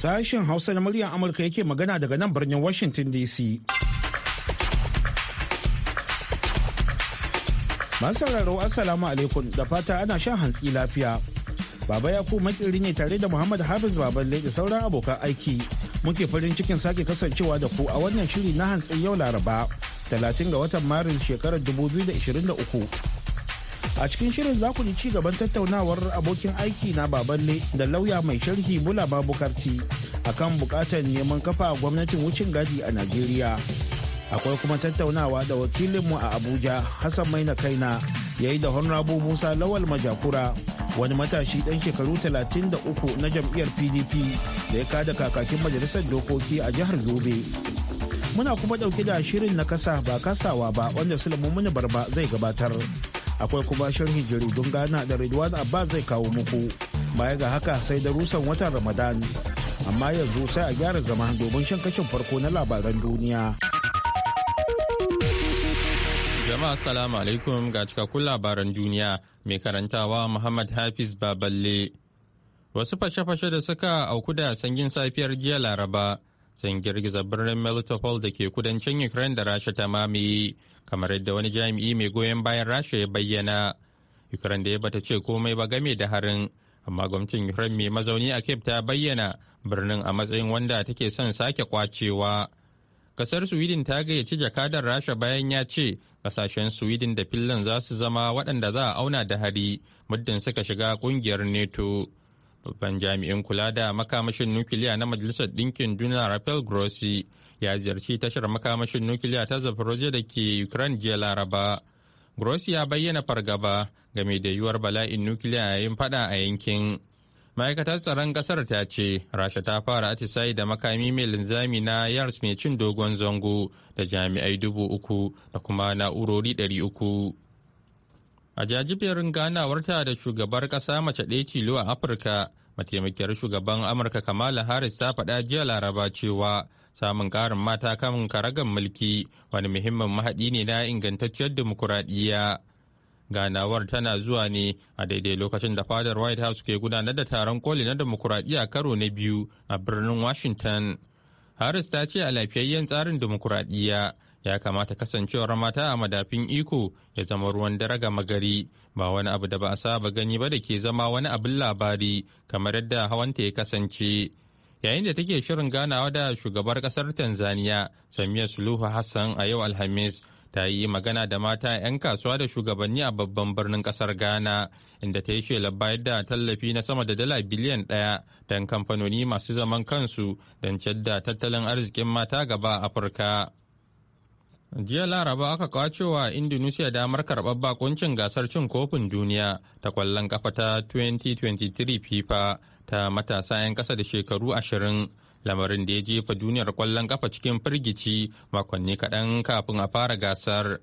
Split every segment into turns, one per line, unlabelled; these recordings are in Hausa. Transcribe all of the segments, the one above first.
Sashen Hausa na muryar Amurka yake magana daga nan birnin Washington DC. sauraro Assalamu alaikum da fata ana shan hantsi lafiya. Baba ya ku makiri ne tare da Muhammad Hafiz Baballe da sauran abokan aiki. Muke farin cikin sake kasancewa da ku a wannan shiri na hantsi yau Laraba, 30 ga watan Maris shekarar 2023. a cikin shirin za ku ji ci gaban tattaunawar abokin aiki na baballe da lauya mai sharhi bula babu karci a kan bukatar neman kafa gwamnatin wucin gadi a najeriya akwai kuma tattaunawa da wakilinmu a abuja hassan maina kaina ya yi da honrabu musa lawal majakura wani matashi dan shekaru 33 na jam'iyyar pdp da ya kada kakakin majalisar dokoki a jihar zobe muna kuma dauke da shirin na kasa ba kasawa ba wanda sulamun muni barba zai gabatar akwai kuma sharhin jaridun gana da Ridwan abba zai kawo muku. Baya ga haka sai da rusan watan Ramadan. Amma yanzu sai a gyara zama domin shan kashin farko na labaran duniya.
Jama'a salamu alaikum ga cikakkun labaran duniya mai karantawa Muhammad Hafiz Baballe. Wasu fashe-fashe da suka auku da sanyin safiyar jiya Laraba sun girgiza birnin melitopol da ke kudancin ukraine da rasha ta mamaye kamar yadda wani jami'i mai goyon bayan rasha ya bayyana ukraine da ya bata ce komai ba game da harin amma gwamnatin ukraine mai mazauni a cape ta bayyana birnin a matsayin wanda take son sake kwacewa kasar sweden ta gayyaci jakadar rasha bayan ya ce kasashen sweden da finland za su zama waɗanda za a auna da hari muddin suka shiga ƙungiyar neto Babban jami'in kula da makamashin nukiliya na Majalisar Ɗinkin Duniya Rafael Grossi ya ziyarci tashar makamashin nukiliya ta zafiroje da ke Ukraine jiya Laraba. Grossi ya bayyana fargaba game da yiwuwar bala'in nukiliya yayin fada a yankin. Ma'aikatar tsaron ƙasar ta ce, Rasha ta fara atisayi da makami mai linzami na Yars mai cin dogon zango da jami'ai dubu uku da kuma na'urori ɗari uku. A jajiberin ganawarta da shugabar ƙasa mace ɗaya tilo a Afirka, mataimakiyar shugaban Amurka Kamala Harris ta faɗa jiya Laraba cewa samun ƙarin mata kan karagan mulki wani muhimmin mahaɗi ne na ingantacciyar dimokuraɗiyya. Ganawar tana zuwa ne a daidai lokacin da fadar White House ke gudanar da taron koli na dimokuraɗiyya karo na biyu a birnin Washington. Harris ta ce a lafiyayyen tsarin dimokuraɗiyya ya kamata kasancewar mata a madafin iko ya zama ruwan dare gama gari ba wani abu da ba a saba gani ba da ke zama wani abin labari kamar yadda hawanta ya kasance yayin da take shirin ganawa da shugabar kasar tanzania samiya suluhu hassan a yau alhamis ta yi magana da mata 'yan kasuwa da shugabanni a babban birnin kasar ghana inda ta yi shelar bayar da tallafi na sama da dala biliyan ɗaya don kamfanoni masu zaman kansu don da tattalin arzikin mata gaba a afirka jiya laraba aka kwacewa indonesia damar karɓar bakuncin gasar cin kofin duniya ta kwallon kafa ta 2023 fifa ta matasa 'yan ƙasa da shekaru ashirin lamarin da ya jefa duniyar kwallon kafa cikin firgici makonni kaɗan kafin a fara gasar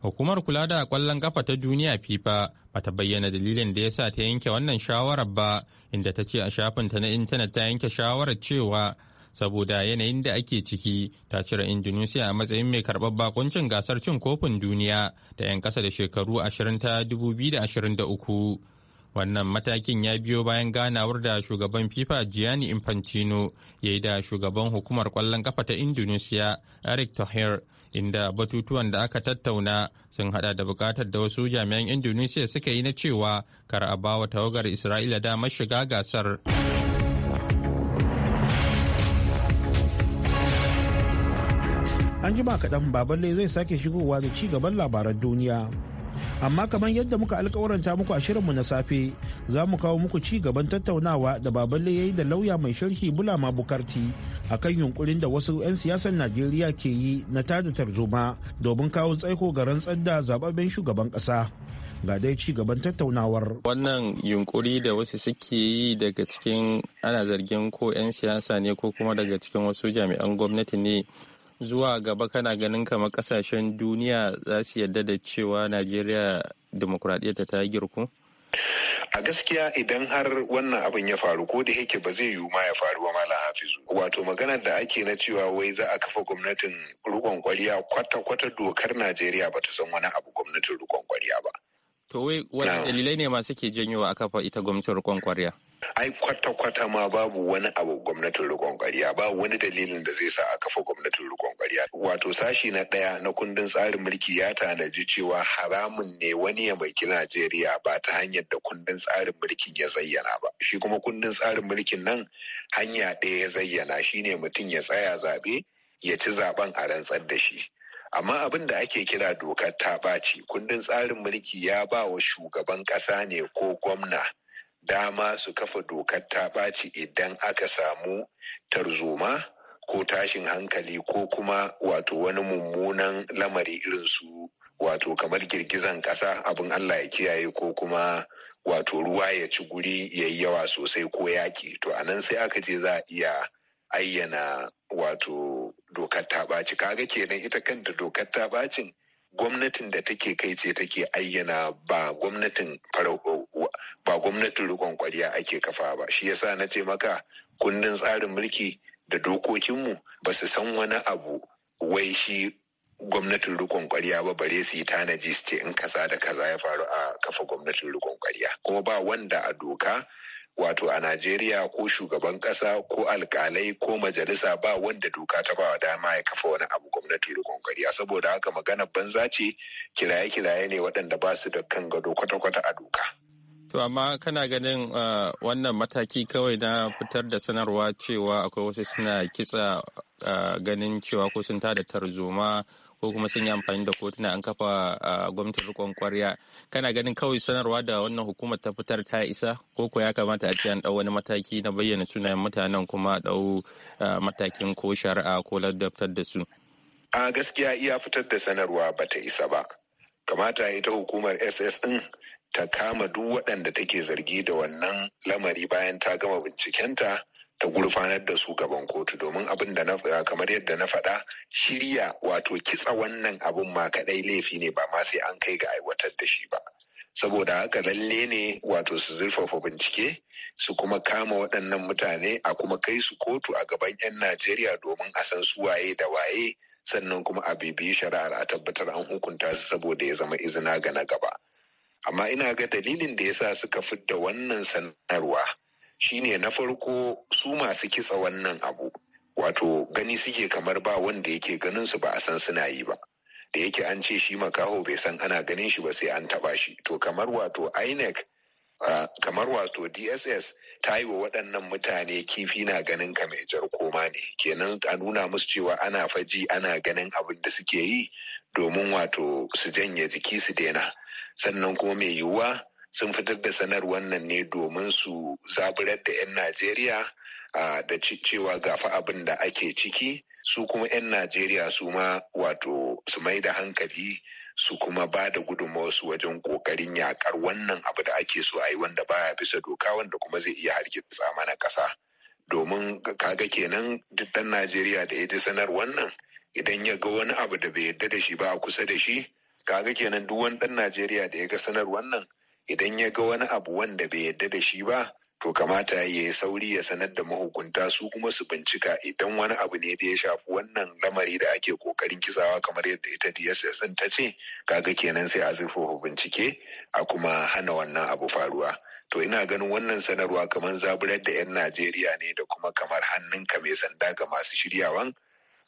hukumar kula da kwallon kafa ta duniya fifa bata bayyana dalilin da ya sa ta yanke wannan shawarar ba inda ta ce a shafinta na intanet ta yanke shawarar cewa saboda yanayin da ake ciki ta cire indonesia a matsayin mai karbar bakuncin gasar cin kofin duniya da 'yan ƙasa da shekaru 20 ta 2023 wannan matakin ya biyo bayan ganawar da shugaban fifa gianni infantino ya yi da shugaban hukumar kwallon kafa ta indonesia eric tahir inda batutuwan da aka tattauna sun hada da bukatar da wasu jami'an indonesia suka yi na cewa kar a bawa tawagar isra'ila damar shiga gasar
an jima kaɗan baballe zai sake shigowa da ci gaban labaran duniya amma kamar yadda muka alkawaranta muku a mu na safe za mu kawo muku ci gaban tattaunawa da baballe ya yi da lauya mai sharhi bulama bukarti a kan yunkurin da wasu 'yan siyasar najeriya ke yi na tada tarzoma domin kawo tsaiko ga rantsar da zababben shugaban ƙasa ga dai ci gaban tattaunawar.
Wannan yunkuri da wasu suke yi daga cikin ana zargin ko 'yan siyasa ne ko kuma daga cikin wasu jami'an gwamnati ne zuwa gaba kana ganin kamar kasashen duniya za su yarda da cewa najeriya demokuraɗiyyarta ta girku?
a gaskiya idan har wannan abin ya faru ko da yake ba zai yiwu ma ya faru ba malam hafizu wato maganar da ake na cewa wai za a kafa gwamnatin rukon kwariya kwata-kwata dokar najeriya ba ta san wani abu gwamnatin rukon kwariya ba to
wai wani dalilai ne masu ke janyowa a kafa ita gwamnatin rukon kwariya
ai kwata-kwata ma babu wani abu gwamnatin rikon ƙarya Babu wani dalilin da zai sa a kafa gwamnatin rikon ƙarya wato sashi na ɗaya na kundin tsarin mulki ya tanaji cewa haramun ne wani ya maiki Najeriya ba ta hanyar da kundin tsarin mulkin ya zayyana ba shi kuma kundin tsarin mulkin nan hanya ɗaya ya zayyana shine mutum ya tsaya zaɓe ya ci zaɓen a rantsar da shi amma abin da ake kira dokar ta ɓaci kundin tsarin mulki ya ba wa shugaban ƙasa ne ko gwamna dama su kafa dokar ta ɓaci idan aka samu tarzoma ko tashin hankali ko kuma wato wani mummunan lamari irin su wato kamar girgizan ƙasa abin Allah ya kiyaye ko kuma wato ruwa ya ci guri ya yi yawa sosai ko yaƙi to a nan sai aka je za a iya ayyana wato dokar ta ɓaci kaga kenan ita kanta dokar ta ɓacin gwamnatin da take kai ce take ayyana ba gwamnatin ba gwamnatin rikon kwariya ake kafa ba shi yasa na ce maka kundin tsarin mulki da dokokinmu ba su san wani abu wai shi gwamnatin rikon kwariya ba bare su yi tanaji su ce in kasa da kaza ya faru a kafa gwamnatin rikon kwariya kuma ba wanda a doka wato a Najeriya ko shugaban kasa ko alkalai ko majalisa ba wanda doka ta ba dama ya kafa wani abu gwamnatin rikon kwariya saboda haka magana banza ce kiraye-kiraye ne waɗanda ba su da kan gado kwata-kwata a doka.
To amma kana ganin uh, wannan mataki kawai na fitar da sanarwa cewa akwai wasu suna kitsa uh, ganin cewa ko sun tada tarzoma ko kuma sun yi amfani da kotuna an kafa uh, gwamnatin rikon kwarya kana ganin kawai sanarwa da wannan hukumar ta fitar ta isa ko ko ya kamata a ce an dau wani mataki na bayyana sunayen mutanen kuma a dau matakin ko shari'a ko ladabtar da su.
A gaskiya iya fitar da sanarwa ba ta isa ba. Kamata ita hukumar SS ɗin ta kama duk waɗanda take zargi da wannan lamari bayan ta gama bincikenta ta gurfanar da su gaban kotu domin abin da na faɗa kamar yadda na faɗa shirya wato kitsa wannan abin ma kaɗai laifi ne ba ma sai an kai ga aiwatar da shi ba saboda haka lalle ne wato su zurfafa bincike su kuma kama waɗannan mutane a kuma kai su kotu a gaban 'yan najeriya domin a san su waye da waye sannan kuma a bibiyi shari'ar a tabbatar an hukunta su saboda ya zama izina ga na gaba amma ina ga dalilin da yasa suka fidda wannan sanarwa shine na farko su masu kitsa wannan abu wato gani suke kamar ba wanda yake ganin su ba a san suna yi ba da yake an ce shi makaho bai san ana ganin shi ba sai an taba shi to kamar wato inec kamar wato dss ta yi wa waɗannan mutane kifi na ganin ka mai jar koma ne kenan a nuna musu cewa ana faji ana ganin abin da suke yi domin wato su janye jiki su daina sannan kuma mai yiwuwa sun fitar da sanar wannan ne domin su zaburar da 'yan najeriya da cewa gafa abin da ake ciki su kuma 'yan najeriya su ma wato su mai da hankali su kuma ba da su wajen kokarin yakar wannan abu da ake so a yi wanda baya bisa doka wanda kuma zai iya hargitsa mana ƙasa domin kaga kenan duk najeriya da ya ji sanar wannan idan ya ga wani abu da bai yarda da shi ba a kusa da shi kaga kenan duk wani ɗan najeriya da ya ga sanar wannan idan ya ga wani abu wanda bai yadda da shi ba to kamata ya yi sauri ya sanar da mahukunta su kuma su bincika idan wani abu ne da ya shafi wannan lamari da ake kokarin kisawa kamar yadda ita dss din ta ce kaga kenan sai a zurfafa bincike a kuma hana wannan abu faruwa to ina ganin wannan sanarwa kamar zaburar da 'yan najeriya ne da kuma kamar hannun ka mai sanda ga masu shiryawan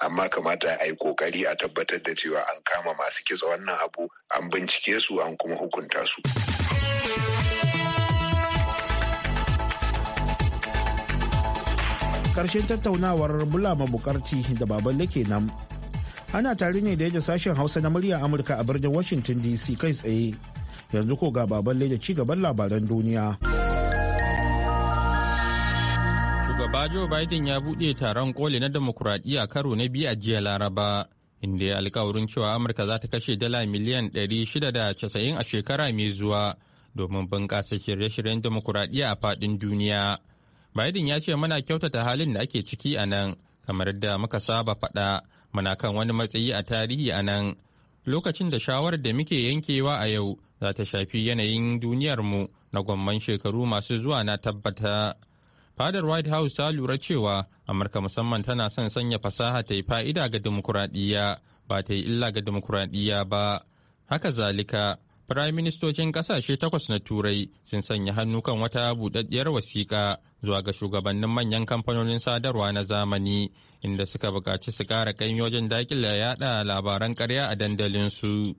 amma kamata a yi kokari a tabbatar da cewa an kama masu kitsa wannan abu an bincike su an kuma hukunta su.
Karshen tattaunawar Bulama bukarci da baban lake nan. Ana tare ne da yadda sashen Hausa na murya Amurka a birnin Washington DC kai tsaye. Yanzu ko ga baban da ci gaban labaran duniya.
Shugaba Joe Biden ya buɗe taron koli na demokuraɗiyya karo na biyu a jiya Laraba, inda ya alkawarin cewa Amurka za ta kashe dala miliyan 690 a shekara mai zuwa domin bunƙasa shirye-shiryen demokuraɗiyya a faɗin duniya. Biden ya ce muna kyautata halin da ake ciki a nan, kamar da muka saba faɗa, muna kan wani matsayi a tarihi a nan. Lokacin da shawarar da muke yankewa a yau za ta shafi yanayin duniyarmu na gwamman shekaru masu zuwa na tabbata. fadar white house ta lura cewa amurka musamman tana son sanya fasaha ta yi fa'ida ga dimokuraɗiyya ba ta yi illa ga dimokuraɗiyya ba haka zalika firayim ministocin ƙasashe takwas na turai sun sanya hannu kan wata buɗaɗɗiyar wasiƙa zuwa ga shugabannin manyan kamfanonin sadarwa na zamani inda suka buƙaci su ƙara ƙaimi wajen daƙila yaɗa labaran ƙarya a dandalinsu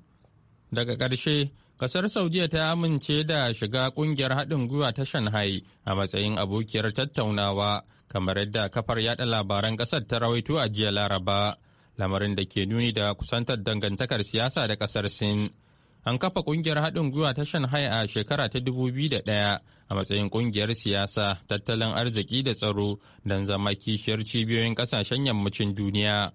daga ƙarshe Kasar Saudiya ta amince da shiga kungiyar haɗin gwiwa ta Shanghai a matsayin abokiyar tattaunawa kamar yadda kafar yaɗa labaran ƙasar ta rawaito a jiya Laraba, lamarin da ke nuni da kusantar dangantakar siyasa da ƙasar Sin. An kafa kungiyar haɗin gwiwa ta Shanghai a shekara ta 2001 a matsayin kungiyar siyasa, tattalin arziki da tsaro don zama kishiyar cibiyoyin ƙasashen yammacin duniya.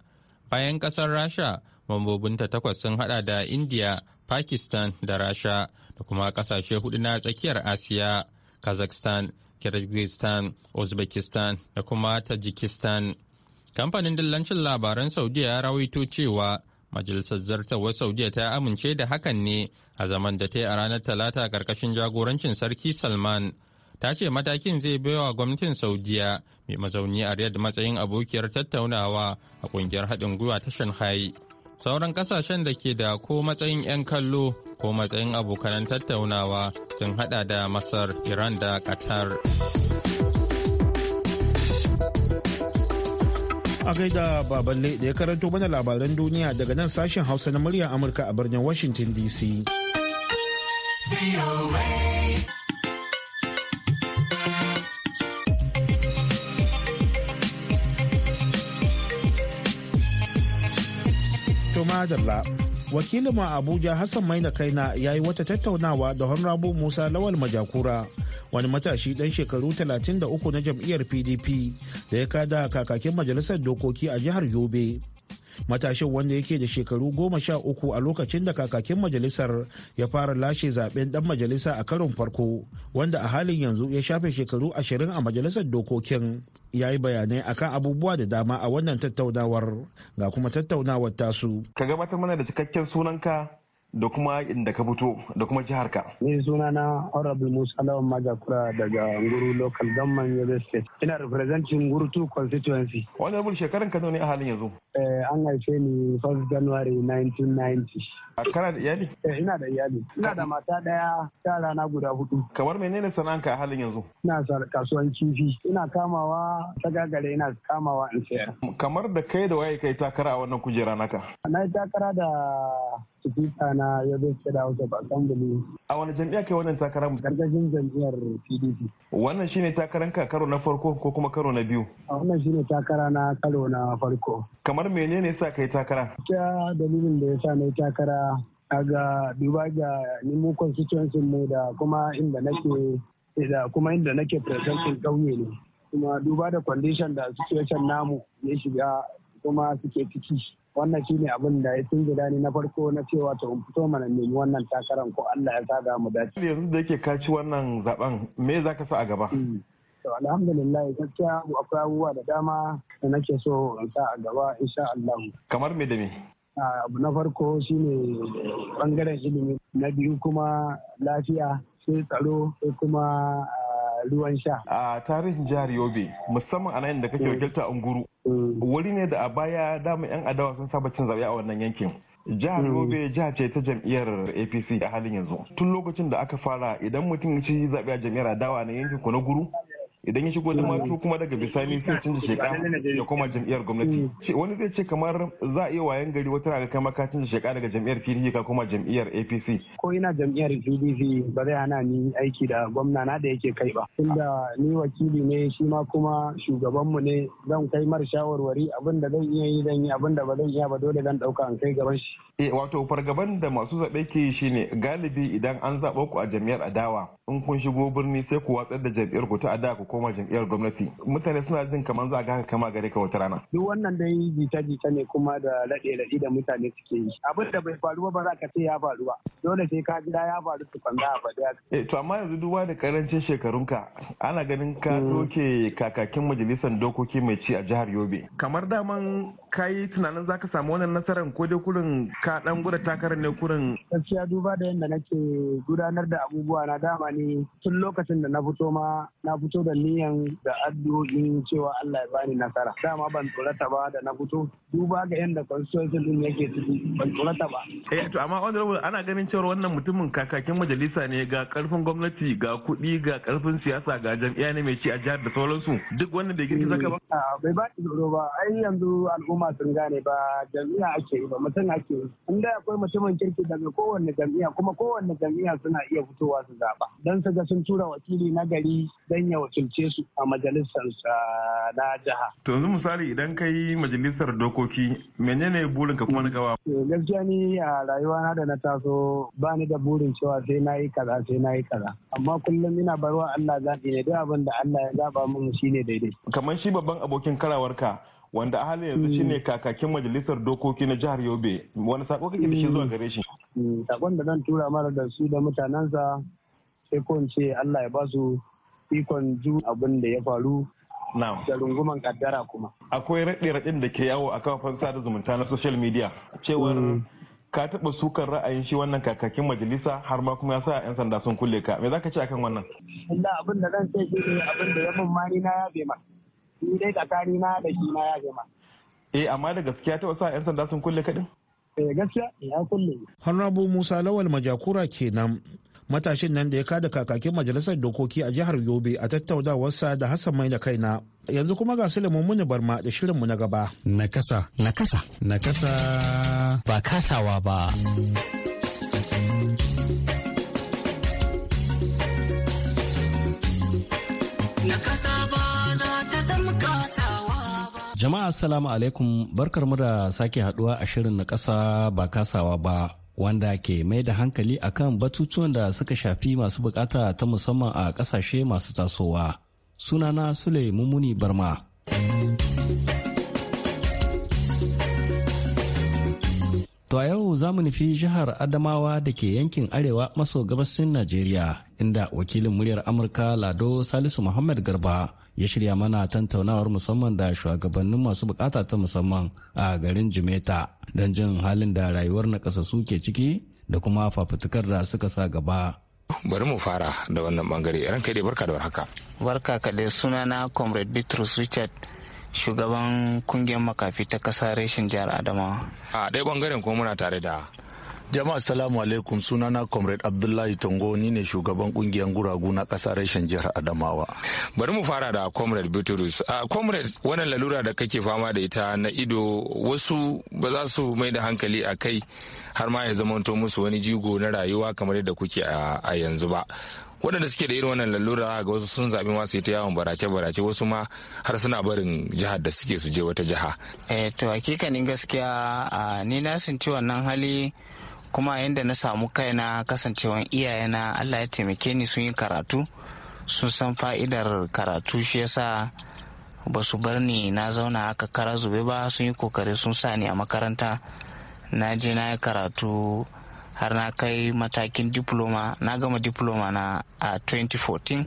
Bayan ƙasar Rasha, mambobinta takwas sun haɗa da indiya. pakistan da rasha da kuma kasashe hudu na tsakiyar asiya kazakhstan kirgistan uzbekistan da kuma tajikistan kamfanin dillancin labaran saudiya ya rawaito cewa majalisar zartarwar saudiya ta amince da hakan ne a zaman da ta yi a ranar talata karkashin jagorancin sarki salman ta ce matakin zai baiwa gwamnatin saudiya mai mazauni a riyadh matsayin abokiyar tattaunawa a kungiyar haɗin gwiwa ta shanghai sauran kasashen da ke da ko matsayin 'yan kallo ko matsayin abokan tattaunawa sun hada da masar iran da qatar
a gaida baballe da ya karanto mana labaran duniya daga nan sashen hausa na muryar amurka a birnin washington dc Adalla. wakilin ma abuja hassan maina kaina ya yi wata tattaunawa da honrabu musa lawal majakura wani matashi dan shekaru 33 na jam'iyyar pdp da ya kada kakakin majalisar dokoki a jihar yobe matashin wanda yake da shekaru goma sha uku a lokacin da kakakin majalisar ya fara lashe zaben dan majalisa a karon farko wanda a halin yanzu ya shafe shekaru ashirin a majalisar dokokin ya yi bayanai akan abubuwa da dama a wannan tattaunawar ga kuma tattaunawar tasu
ka gabatar mana da cikakken sunanka da kuma inda ka fito da kuma jihar ka.
Ni suna na Honorable Musa Lawan Majakura daga Nguru Local Government Yobe State. Ina representing Nguru 2 constituency.
Honorable shekaran ka ne a halin yanzu?
Eh an haife ni 1st January 1990. A kana da iyali? Eh ina da iyali. Ina da mata daya ta na guda hudu. Kamar menene sana'anka a halin yanzu? Ina kasuwan kifi. Ina kamawa ta gagare ina kamawa
in sayar. Kamar da kai da waye kai takara a wannan kujera naka?
Na yi takara da Spika na ya zo kira bakan assembly a wani jam'iyya kai wannan takarar gargajin jam'iyyar pdp
wannan shine takarar ka karo na farko ko kuma karo na biyu
a wannan shine takara na karo na farko
kamar menene sa kai takara
ta dalilin da ya sa na takara kaga duba ga nemo constituency mu da kuma inda nake da kuma inda nake presenting kauye ne kuma duba da condition da situation namu ya shiga kuma suke ciki wannan shine abin da ya gida ni na farko na cewa ta in fito mana nemi wannan takarar ko Allah ya sada mu dace yanzu
da yake kaci wannan zaben me zaka sa a gaba mm.
to alhamdulillah gaskiya akwai abubuwa da dama da nake so in sa a gaba insha Allah kamar me da me abu na farko shine bangaren ilimi na biyu kuma lafiya sai tsaro sai kuma ruwan sha.
A tarihin jihar Yobe musamman a nan da kake mm. wakilta Unguru. Mm. Wuri ne da a baya dama 'yan adawa sun saba cin zaɓe a wannan yankin. jihar mm. yobe jiha ce ta jam'iyyar apc a halin yanzu tun lokacin da aka fara idan mutum ya ci zaɓe a jam'iyyar adawa na yankin ku na guru idan ya shigo mafi kuma daga bisani sai canza sheka ya koma jam'iyyar gwamnati mm. wani zai ce kamar za a iya wayan gari wata rana kai maka canza sheka daga jam'iyyar PDP ka koma jam'iyyar APC
ko ina jam'iyyar PDP ba zai hana ni aiki da gwamna na da yake kai ba tunda ni wakili ne shi ma kuma shugabanmu ne zan kai mar shawarwari abin da zan iya yi zan yi abin ba zan iya ba dole zan dauka an kai gaban shi
eh wato fargaban da masu zabe ke shine galibi idan an zaɓa ku a jam'iyyar adawa in kun shigo birni sai ku watsar da jam'iyyar ku ta da ku koma jam'iyyar gwamnati mutane suna jin kamar za ga kama gare ka wata rana
duk wannan dai jita-jita ne kuma da raɗe-raɗe da mutane suke yi abin da bai faru ba za ka ce ya faru ba dole sai ka jira ya faru su kwanza a faɗi
eh, to amma yanzu duba da karancin shekarunka ana ganin ka mm. doke kakakin majalisar dokoki mai ci a jihar Yobe kamar daman kai tunanin zaka samu wannan nasarar ko dai kurin ka dan gura takarar ne kurin
gaskiya duba da yadda nake gudanar da abubuwa na dama bani tun lokacin da na fito ma na fito da niyan da addu'o'in cewa Allah ya bani nasara dama ban tsorata ba da na fito duba ga yadda constitution din yake ciki ban tsorata ba
eh to amma honorable ana ganin cewa wannan mutumin kakakin majalisa ne ga karfin gwamnati ga kuɗi ga karfin siyasa ga jam'iyya ne mai ci a jihar da sauransu duk wannan da girgiza ka ba
eh, bai ba tsoro ba ai yanzu al'umma sun gane ba jam'iyya ake yi ba mutum ake yi inda akwai mutumin kirki daga kowanne jam'iyya kuma kowanne jam'iyya suna iya fitowa su zaba don su ga sun tura wakili na gari don ya wakilce su a majalisar na jiha.
To yanzu misali idan ka yi majalisar dokoki menene burin ka kuma na gaba?
Gaskiya ni a rayuwa na da na taso ba ni da burin cewa sai na yi kaza sai na yi kaza amma kullum ina barwa Allah zaɓi ne duk abin da Allah ya zaba min ne daidai. Kamar
shi babban abokin karawarka wanda a halin yanzu shine mm. kakakin majalisar dokoki na jihar Yobe wani sako kake da shi mm. zuwa gare shi
mm. sakon da zan tura mara da su da mutanensa sai ko ce Allah ya ba su ikon ju abin da ya faru da runguman kaddara kuma.
Akwai raɗe-raɗin da ke yawo a kafafen sada zumunta na social media cewar mm. ka taɓa sukan ra'ayin shi wannan kakakin majalisa har ma kuma ya sa 'yan sanda sun kulle ka me za ka ce akan wannan
Allah abin da zan ce shi ne abin da ya mun mari na ya bema ni dai tsakani na da shi na ya bema
eh amma da gaskiya taɓa sa 'yan sanda sun kulle ka din
eh gaskiya ya kulle Honorable Musa Lawal Majakura kenan matashin nan da ya kada kakakin majalisar dokoki a jihar yobe a tattaunawarsa da hassan mai da kaina yanzu kuma ga silimin muni barma da shirinmu na gaba
nakasa nakasa nakasa ba kasawa ba Jama'a salamu alaikum barkar mu da sake haduwa a shirin na kasa ba kasawa ba wanda ke mai da hankali akan batutuwan da suka shafi masu bukata ta musamman a kasashe masu tasowa. Sunana Sule Mumuni Barma. To a yau za mu nufi jihar Adamawa da ke yankin arewa maso gabasin Najeriya inda wakilin muryar Amurka Lado Salisu Muhammad Garba ya shirya mana tantaunawar musamman da shugabannin masu bukata ta musamman a garin jimeta don jin halin da rayuwar na ke ciki da kuma fafutukar da suka sa gaba bari mu
fara da wannan bangare ran kai dai barka da warhaka
barka ka dai na comrade bitrus richard shugaban kungiyar makafi ta kasa reshen jihar adamawa
a ɗaya bangaren
kuma muna tare da Jama'a salamu alaikum sunana Comrade Abdullahi Tango ni ne shugaban kungiyar guragu na kasa reshen jihar Adamawa. Bari mu fara da Comrade Bitrus. Uh, comrade wannan lalura da kake fama da ita na ido wasu ba za su mai da hankali
a kai har ma ya zamanto musu wani jigo na rayuwa kamar yadda kuke a yanzu ba. waɗanda suke da irin wannan lalura ga wasu sun zaɓi masu yi ta yawon barace-barace wasu ma har suna barin jihar da suke su je wata jiha. Eh
to hakikanin gaskiya ni na sun ci wannan hali kuma yadda na samu kaina kasancewan iyayena allah ya taimake ni sun yi karatu sun san fa'idar karatu shi yasa ba su bar ni na zauna haka kara zube ba sun yi kokari sun sa ni a makaranta na je na yi karatu har na kai matakin diploma na gama diploma na a 2014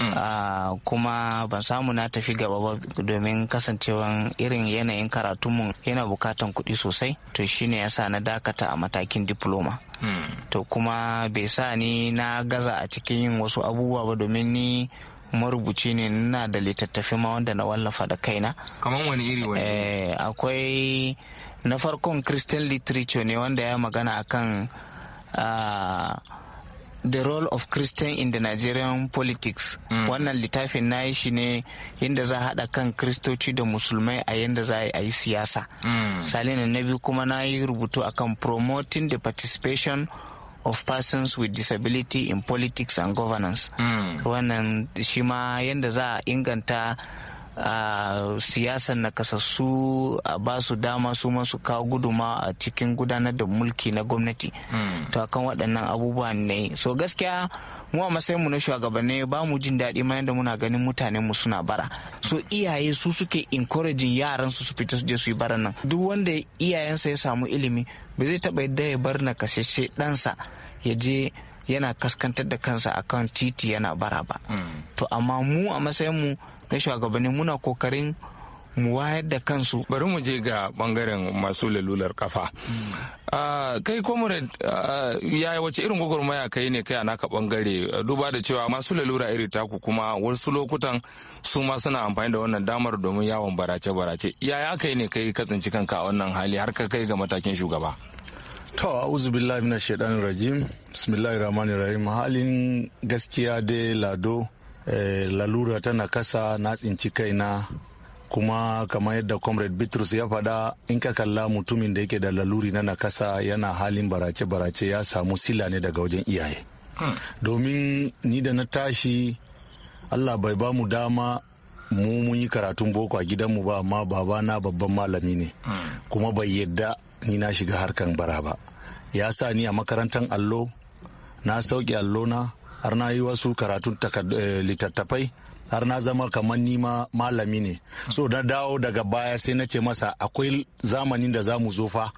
Mm. Ah, kuma ban samu na tafi gaba ba domin kasancewan irin yanayin karatunmu yana bukatan kuɗi sosai to shine yasa na dakata a matakin diploma mm. to kuma bai sa ni na gaza a cikin yin wasu abubuwa ba domin ni marubuci ne na da littattafi ma wanda na wallafa da kaina kamar wani iri wani eh, akwai na farkon christian literature ne wanda ya magana akan ah, the role of christian in the nigerian politics mm. wannan littafin na yi shi ne yadda za haɗa kan kristoci da musulmai a yadda za a yi siyasa mm. salina na biyu kuma na yi rubutu akan promoting the participation of persons with disability in politics and governance mm. wannan shi ma yadda za a inganta siyasan nakasassu a ba su dama su masu kawo guduma a cikin gudanar da mulki na gwamnati hmm. to akan waɗannan abubuwa ne so gaskiya mu a matsayin mu na shugabanni ba mu jin daɗi ma yadda muna ganin mutanen mu suna bara so iyaye su suke encouraging yaran su su fita su je su yi bara nan duk wanda iyayensa ya samu ilimi ba zai taɓa yadda ya bar na kashe ɗansa ya je yana kaskantar da kansa akan titi yana bara ba hmm. to amma mu a matsayin mu na shugabanni muna
kokarin mu wayar da kansu bari mu je ga bangaren masu lalular kafa hmm. ah, kai comrade ah, ya wace irin gwagwarmaya kai ne kai a naka bangare duba da cewa masu lalura iri taku kuma wasu lokutan su ma suna amfani da wannan damar domin yawon barace-barace ya yaya kai ne kai ka tsinci kanka a wannan hali har ka kai ga matakin shugaba
to a'udhu billahi minash shaitanir rajim bismillahir rahmanir halin gaskiya dai lado Eh, lalura ta nakasa na tsinci kaina kuma kamar yadda comrade bitrus ya faɗa in ka kalla mutumin da yake da laluri na nakasa yana halin barace-barace ya samu sila ne daga wajen iyaye hmm. domin ni da na tashi allah bai ba mu dama mu mun yi karatun boko a gidanmu ba amma baba na babban malami ne hmm. kuma bai yadda ni na shiga harkan bara ba ya sa ni a makarantar allo na sauƙi allo na har na yi wasu karatun eh, littattafai har na zama kamar nima malami ne so na dawo daga baya sai na ce masa akwai zamanin da za mu zo fa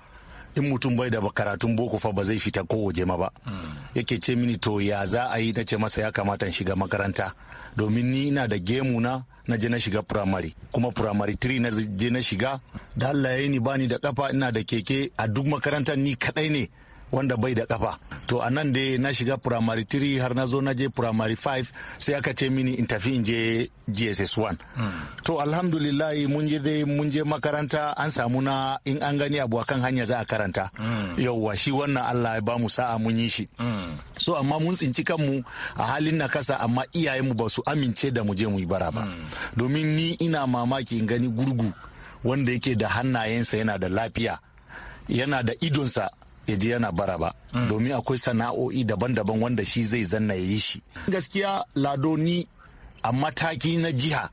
in mutum bai da karatun boko fa ba zai fita ko waje ma ba hmm. yake ce mini to ya za a yi na ce masa ya kamata in shiga makaranta domin ni ina da gemu na na je na shiga primary kuma primary 3 na je na shiga da Allah ya ni bani da kafa ina da keke a duk makarantar ni kadai ne wanda bai da kafa to a nan dai na shiga primary 3 har na zo na je primary 5 sai aka ce mini in tafi in je gss 1 hmm. to alhamdulillah mun je dai mun je makaranta an samu na in an gani abu akan hanya za a karanta hmm. yauwa shi wannan allah ya bamu sa'a mun yi shi hmm. so amma mun tsinci kanmu a halin na kasa amma iyayenmu ba su amince da mu je mu yi bara ba domin ni ina mamaki in gani gurgu wanda yake da hannayensa yana da lafiya yana da idonsa ya yana bara ba mm. domin akwai sana'o'i daban-daban wanda shi zai zanna ya yi shi gaskiya lado ni a mataki na jiha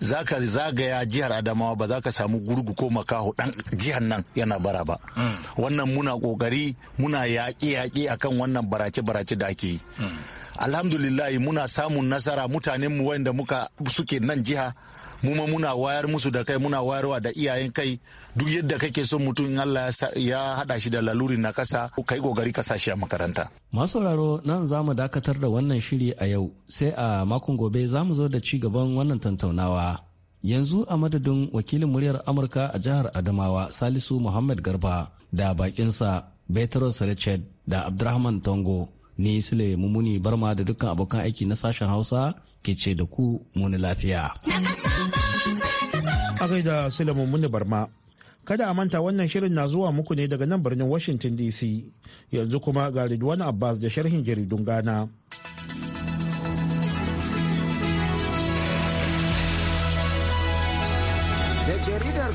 za ka zagaya jihar adamawa ba za ka samu gurgu ko makaho dan jihar nan yana bara ba mm. wannan muna kokari muna yaƙi-yaƙi akan wannan barace-barace da ake yi mm. alhamdulillahi muna samun nasara mutanenmu wanda muka suke nan jiha mu ma muna wayar musu da kai muna wayarwa da iyayen kai duk yadda kake son mutum in Allah ya hada shi da lalurin na kasa kai kokari ka shi a makaranta
masu sauraro nan za mu dakatar da wannan shiri a yau sai a makon gobe za mu zo da ci gaban wannan tantaunawa yanzu a madadin wakilin muryar amurka a jihar adamawa salisu muhammad garba da bakinsa Betros Richard da Abdurrahman Tongo ni sule muni barma da dukkan abokan aiki na sashen hausa ke ce da ku muni lafiya
a gaida sule muni barma kada a manta wannan shirin na zuwa muku ne daga nan birnin washington dc yanzu kuma ga ridwan abbas da sharhin jaridun ghana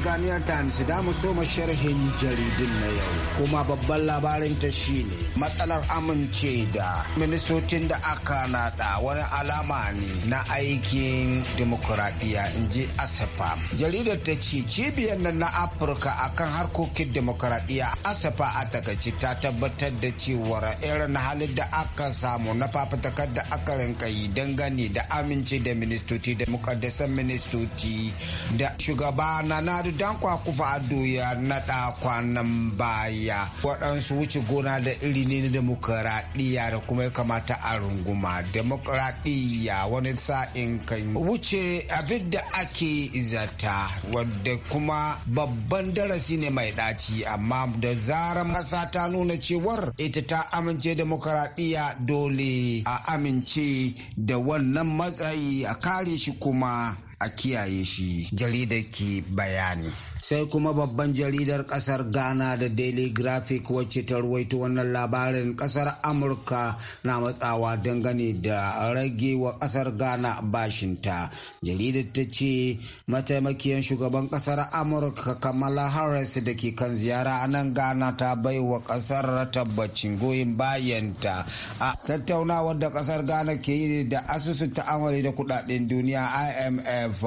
Ghanaian Times da mu soma sharhin jaridin na yau. Kuma babban labarin ta shine matsalar amince da ministocin da aka naɗa wani alama ne na aikin demokuraɗiyya in ji Asefa. Jaridar ta ce cibiyar nan na Afirka akan harkokin demokuraɗiyya Asefa a takaici ta tabbatar da cewar irin halin da aka samu na fafatakar da aka rinka yi dangane da amince da ministoci da mukaddasan ministoci da shugaba na nadu Muhammadu kwakufa Akufo-Addo ya naɗa kwanan baya waɗansu wuce gona da iri ne na demokuraɗiyya da kuma ya kamata a runguma. demokuraɗiyya wani sa'in kan wuce abin da ake zata wadda kuma babban darasi ne mai ɗaci amma da zarar ƙasa ta nuna cewar ita ta amince demokuraɗiyya dole a amince da wannan matsayi a kare shi kuma a kiyaye shi jaridar ke bayani sai kuma babban jaridar kasar ghana da daily graphic wacce ta ruwaito wannan labarin kasar amurka na matsawa dangane da rage wa kasar ghana bashinta jaridar ta ce mataimakiyar shugaban kasar amurka kamala harris da ke kan ziyara a nan ghana ta bai wa kasar tabbacin goyin bayanta a tattaunawar da kasar ghana ke yi da asusun ta'amali da kudaden duniya imf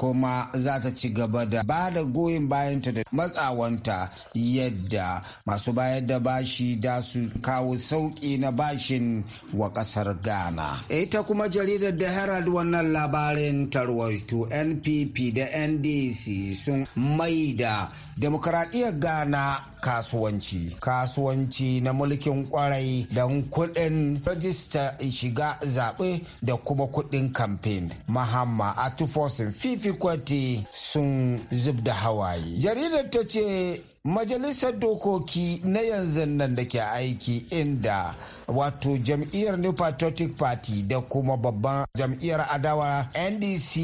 kuma za ta ci gaba da ba da goyin bayanta da matsawanta yadda masu bayar da bashi da su kawo sauƙi na bashin wa ƙasar ghana ita kuma jaridar da herald wannan labarin tarwaito npp da ndc sun maida demokradiyyar ghana kasuwanci kasuwanci na mulkin kwarai don kuɗin rajista shiga zaɓe da kuma kuɗin kamfen mahamma atufosin fifi kwati sun zub da hawaye jaridar ta ce majalisar dokoki na yanzu nan da ke aiki inda wato jam'iyyar new patriotic party da kuma babban jam'iyyar adawa ndc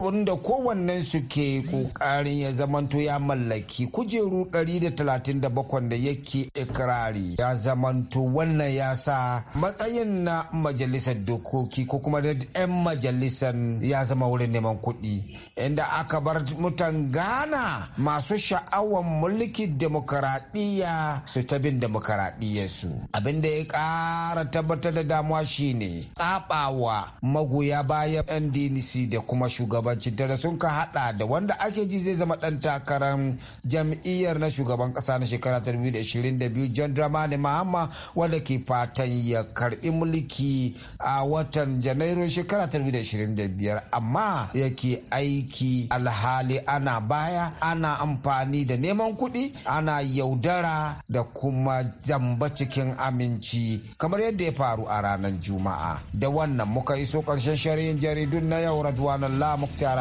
wanda kowannen su ke kokarin ya zamanto ya mallaki kujeru 137 da yake ikirari ya zamanto wannan ya sa matsayin na majalisar dokoki ko kuma da 'yan majalisar ya zama wurin neman kuɗi inda aka bar mutan gana masu sha'awan mulki demokaradiyya su ta bin demokaradiyyarsu abin da ya kara tabbatar da damuwa shine tsabawa magoya bayan dinisi da kuma shugabancin tare sun ka hada da wanda ake ji zai zama dan takarar jam'iyyar na shugaban kasa na shekara 2022 john dramani mahama wanda ke fatan ya karbi mulki a watan janairu shekara 2025 amma yake aiki alhali ana baya ana amfani da neman kuɗi ana yaudara da kuma zamba cikin aminci kamar yadda ya faru a ranar juma'a da wannan muka iso karshen shari'in jaridun na yau radwanan la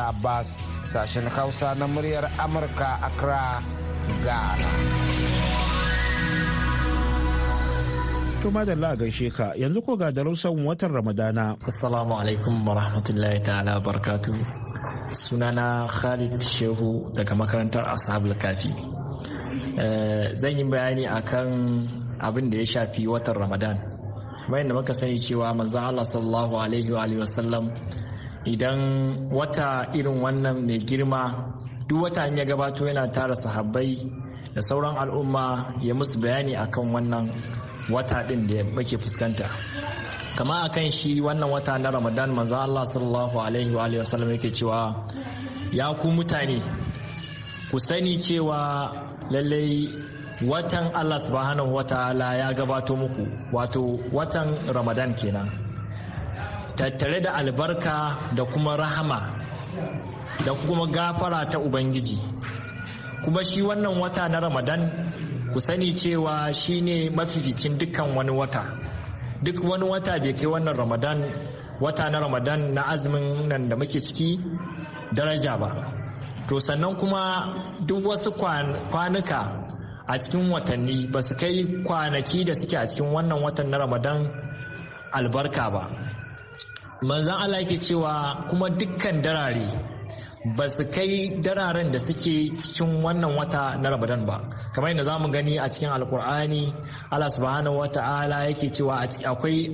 abbas sashen hausa na muryar amurka accra ghana
to madalla gaishe ka yanzu ko ga darussan watan
ramadana assalamu alaikum wa rahmatullahi ta'ala barakatuh sunana khalid shehu daga makarantar ashabul kafi Eh, zan yi bayani akan abin da ya shafi watan ramadan bayan da muka sani cewa manzan allah sallallahu alaihi wa sallam idan wata irin wannan mai girma duk wata ya gabato yana tara sahabbai da sauran al'umma ya musu bayani akan wannan wata din da muke fuskanta kama akan shi wannan wata na ramadan manzan allah sallallahu alaihi wa sallam yake cewa ya ku mutane ku sani cewa lallai watan Allah subhanahu wa ta'ala ya gabato muku wato watan Ramadan kenan tattare da albarka da kuma rahama da kuma gafara ta Ubangiji kuma shi wannan wata na Ramadan ku sani cewa shi ne mafificin dukkan wani wata duk wani wata bai kai wannan Ramadan wata na Ramadan na azumin nan da muke ciki daraja ba to sannan kuma duk wasu kwanuka a cikin watanni ba su kai kwanaki da suke a cikin wannan watan na ramadan albarka ba manzan Allah yake cewa kuma dukkan darare ba su kai dararen da suke cikin wannan wata na Ramadan ba kamar yadda zamu gani a cikin alkur'ani Allah subhanahu wata'ala yake cewa akwai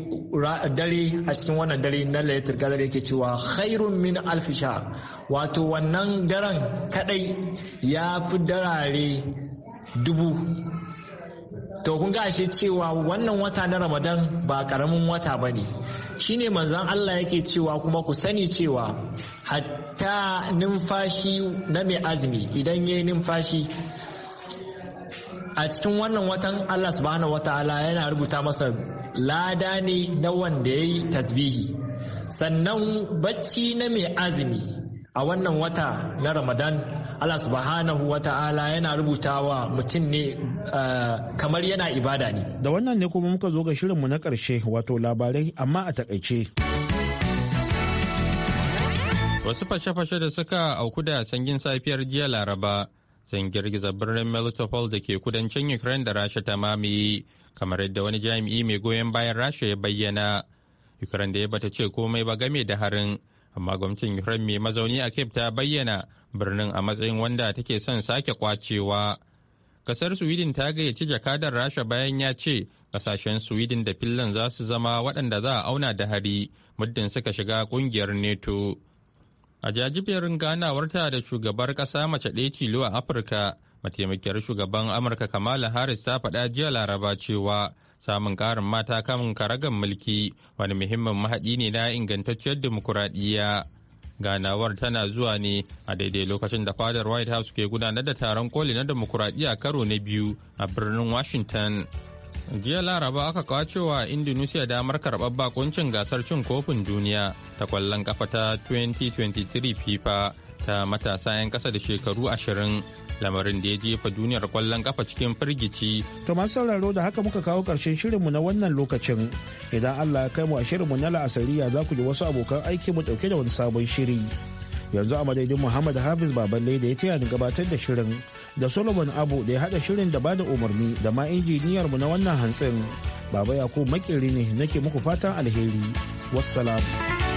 dare a cikin wannan dare na Lailatul Qadr yake cewa khairun min alf wato wannan daren kadai ya fi darare dubu to kun ashe cewa wannan wata na ramadan ba karamin wata ba ne shine manzan allah yake cewa kuma ku sani cewa hatta numfashi na mai azumi idan ya yi numfashi a cikin wannan watan allah subhanahu yana rubuta masa lada ne na wanda ya yi tasbihi sannan bacci na mai azumi a wannan wata na ramadan allah subhanahu wa ta'ala yana rubutawa mutum ne eh, kamar yana ibada ne
da wannan ne kuma muka zo ga shirinmu na karshe wato labarai amma a takaice
wasu fashe-fashe da suka auku da sanyin safiyar jiya laraba sun girgiza birnin melitopol da ke kudancin ukraine da rasha ta mamaye kamar yadda wani jami'i mai goyon bayan rasha ya bayyana ukraine da ya bata ce komai ba game da harin amma gwamnatin ukraine mai mazauni a cape ta bayyana birnin a matsayin wanda take son sake kwacewa kasar sweden ta gayyaci jakadar rasha bayan ya ce kasashen sweden da finland za su zama waɗanda za a auna da hari muddin suka shiga ƙungiyar neto a jajiberin ganawarta da shugabar ƙasa mace ɗaya tilo a afirka mataimakiyar shugaban amurka kamala harris ta faɗa jiya laraba cewa samun karin mata kamun karagan mulki wani muhimmin mahaɗi ne na ingantacciyar dimokuraɗiyya ganawar tana zuwa ne a daidai lokacin da fadar white house ke gudanar da taron koli na demokuraɗiyya karo na biyu a birnin washington jiya laraba aka kwacewa indonesia damar karɓar bakuncin gasar cin kofin duniya ta kwallon kafa ta 2023 fifa ta matasa 'yan ƙasa da shekaru ashirin lamarin da ya jefa duniyar kwallon kafa cikin firgici.
To masu sauraro da haka muka kawo ƙarshen shirinmu na wannan lokacin. Idan Allah ya kai mu a shirinmu na la'asariya za ku ji wasu abokan aiki mu ɗauke da wani sabon shiri. Yanzu a madadin Muhammad Hafiz Baballe da ya taya ni gabatar da shirin da Solomon Abu da ya haɗa shirin da bada umarni da ma injiniyar mu na wannan hantsin. Baba Yakubu makeri ne nake muku fatan alheri. Wassalamu.